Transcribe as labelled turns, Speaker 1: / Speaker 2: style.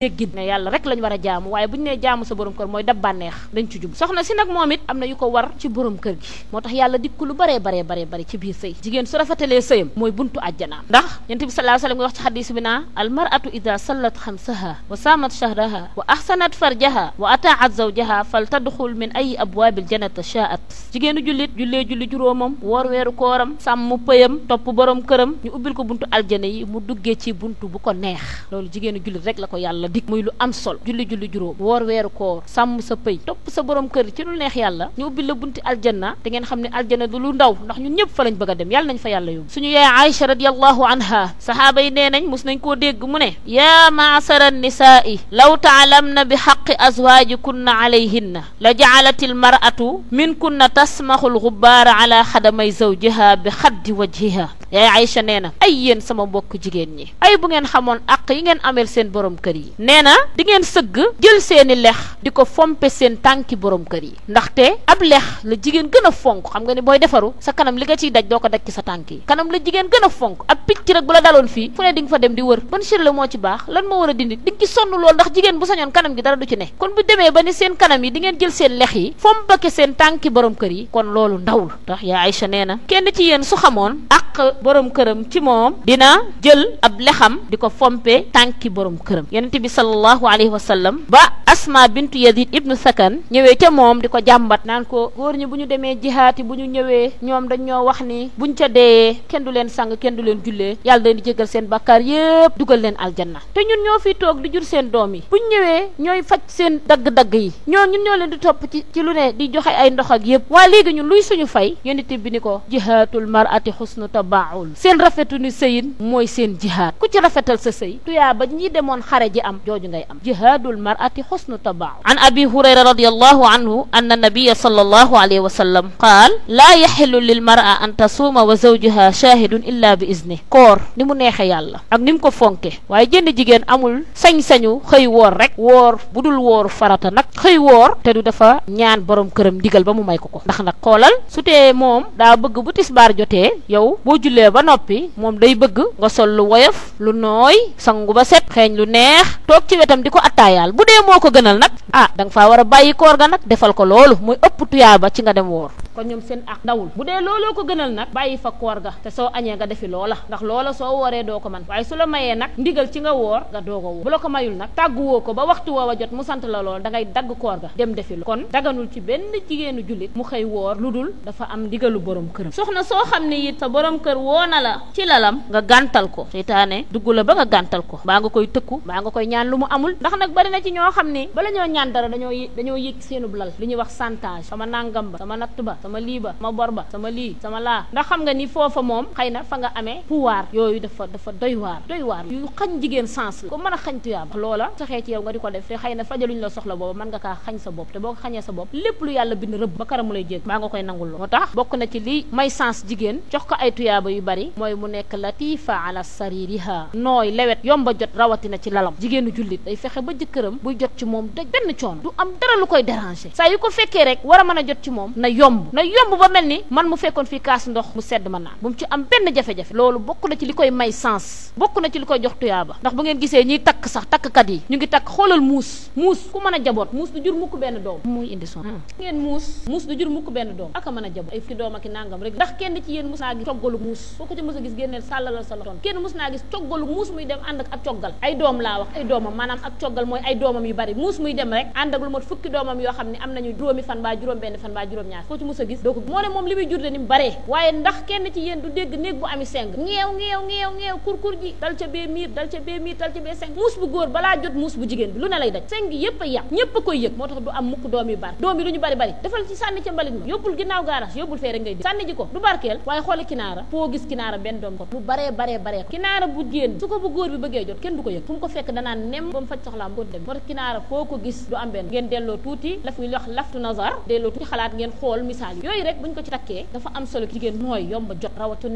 Speaker 1: teggin ne yàlla rek lañ war a jaamu waaye buñu nee jaamu sa borom kër mooy dab bànneex dañ ci jub soxna si nag moom it am na yu ko war ci borom kër gi moo tax yàlla dikku lu baree baree baree bare ci biir sëy jigéen su rafetalee sëyam mooy buntu àjjanaam ndax yonent bi sallallahu alayhi wa sallam nga wax ci xadis bi naa al mar'atu ida sallat xamsaha wa saamat shahraha wa ahsanat farjaha wa ataat zawjaha fal tadxul min ay abwaabil janata shaat jigéenu jullit jullee julli juróomam woor weeru kooram sàmm pëyam topp borom këram ñu ubbil ko buntu aljana yi mu duggee ci buntu bu ko neex loolu jigéenu jullit rek la ko yàlla dik muy lu am sol julli julli juróom wor wer koor sam sa pëy top sa borom keur ci lu neex yàlla ñu ubbi la bunti aljanna te ngeen xam aljanna du lu ndaw ndax ñun ñëpp fa lañ bëgga dem yàlla nañ fa yàlla yu suñu yaa aisha radiyallahu anha sahaba yi neenañ mus nañ ko deg mu ne ya yaa maasara nisaai law ta'lamna bi xaqi azwajikunna alayhinna la jaalat almaratu minkunna tasmaxu alxubbaara ala xadamay zawjiha bi xaddi wajhiha ya aisha neena ay yéen sama mbokk jigéen ñi ay bu ngeen xamone àq yi ngeen ameel seen borom kër yi nee na di ngeen sëgg jël seeni lex di ko fompe seen tànki borom kër yi ndaxte ab lex la jigéen gën a fonk xam nga ni booy defaru sa kanam li nga ciy daj doo ko daj ci sa tànk yi kanam la jigéen gën a fonk ab picc rek bu la daloon fii fu ne di nga fa dem di wër ban chirle moo ci baax lan moo war a dindi di nga ci sonn lool ndax jigéen bu sañoon kanam gi dara du ci ne kon bu demee ba ni seen kanam yi di ngeen jël seen lex yi fompake seen tànki borom kër yi kon loolu ndawul ndax yaa Aïcha nee na kenn ci yéen su xamoon ak borom këram ci moom dina jël ab lexam di ko fompe tanki borom kërëm yonent bi sallallahu alayhi wa sallam ba asma bintu yazid ibnu sakan ñëwé ca mom diko jambat nan ko goor ñi buñu démé demee buñu ñëwé ñom dañ ñoo wax ni buñ ca deeyee kenn du leen sang kenn du leen jullee yalla dañ di jégal seen bakkar yépp duggal leen aljanna té ñun ñoo fi tok di jur seen doomi buñ ñëwé ñoy fajj seen dag dag yi ñoo ñun ñoo leen di top ci ci lu né di joxe ay ndox ak yépp wa légui ñun luy suñu fay yonent bi niko ko mar'ati husnu tabaul seen rafetu ni sëyin seen jihad ku ci rafetal sa sey tuyaa ba ñi demoon xare ji am jooju ngay am jihaadul mar'ati xusnu tabaaw an abi hurayra radiyallahu anhu anna nabiya sallallahu alayhi wa sallam qaal laa yaxilu lil mar'a an tasuuma wa zawjuha shaahidun illa bi izni koor ni mu neexe yàlla ak ni mu ko fonke waaye jënd jigéen amul sañ-sañu xëy woor rek woor bu dul wooru farata nag xëy woor te du dafa ñaan borom këram ndigal ba mu may ko ko ndax ndax xoolal su tee moom daa bëgg bu tisbaar jotee yow boo jullee ba noppi moom day bëgg nga sol lu woyof lu nooy sangu ba set xeeñ lu neex toog ci wetam di ko attaayaal bu dee moo ko gënal nag ah da nga war bàyyi koor ga nag defal ko loolu muy ëpp tuyaaba ci nga dem woor kon ñom seen ak ndawul bu dee looloo ko gënal nak bayyi fa koor ga te so añee nga défi loola ndax loola so woré do ko man waye su la mayé nak ndigal ci nga wor ga doog wu wu bu la ko mayul taggu wo ko ba waxtu wa jot mu sant la lool da ngay dag koor ga dem défi lo kon daganul ci benn jigéenu julit mu xey wor ludul da dafa am ndigalu borom këram soxna so xamné yi ta borom kër woo na la ci lalam nga gantal ko seytaane dugg la ba nga gantal ko ba nga koy tëkku ba nga koy ñaan lu mu amul ndax nak bari na ci ño xamné bala ño ñaan dara dañoo dañoo yëg seenu lal li wax santage sama nangam ba sama natt ba sama lii ba sama bor ba sama lii sama laa ndax xam nga ni foofa moom xëy na fa nga amee pouvoir yooyu dafa dafa doy waar doy waar yu xañ jigéen sens la ko mën a xañ tuyaaba loola saxee ci yow nga di ko def te xëy na fajaluñ la soxla booba mën nga kaa xañ sa bopp te boo ko xañee sa bopp lépp lu yàlla bind rëbb ba karamu lay jégg baa nga koy nangul moo tax bokk na ci lii may sens jigéen jox ko ay tuyaaba yu bari mooy mu nekk latifa ala saririha nooy lewet yomba jot rawatina ci lalam jigéenu jullit day fexe ba jëkkëram buy jot ci moom daj benn coono du am lu koy déranger saa yu ko a jot ci moom na yomb na yomb ba mel ni man mu fekkoon fii kaas ndox mu sedd ma naan am benn jafe loolu bokk na ci li koy may sens bokk na ci li koy jox tuyaaba ndax ngeen gisee ñiy takk sax takkkat yi ñu ngi takk xoolal muus muus ku mën a jaboot muus du jur mukk benn doom muy indi son hmm. ngeen muus muus du jur mukk benn a jaboot i nàngam rek ndax kenn ci yéen mus naa gis coggalu muus boo ko ci mos a gis génneel sàllalal sa loxoon kenn mus naa gis coggalu muus muy dem ànd ak coggal ay doom laa wax ay doomam maanaam ak coggal mooy ay doomam yu bari muus muy dem rek ànd ak lu mat fukki doomam yoo xam ne am nañu juróomi fan baa juróom benn fan baa juróom ñaar ko ci mus mës a gis doo ko moo ne moom li muy jur de ni mu baree waaye ndax kenn ci yéen du dégg néeg bu ami seng ngeew ngeew ngeew ngeew kurkur ji dal ca bee miir dal ca bee miir dal ca bee seng muus bu góor balaa jot muus bu jigéen bi lu ne lay daj seng yépp a yàq ñépp a koy yëg moo tax du am mukk doom yi bar doom yi lu ñu bari bari defal ci sànni ca mbalit ma yóbbul ginnaaw garage yóbbul fee rek ngay di sànni ji ko du barkeel waaye xoole kinaara foo gis kinaara benn doom yooyu rek buñ ko ci takkee dafa am solo jigéen nooy yomba jot rawatina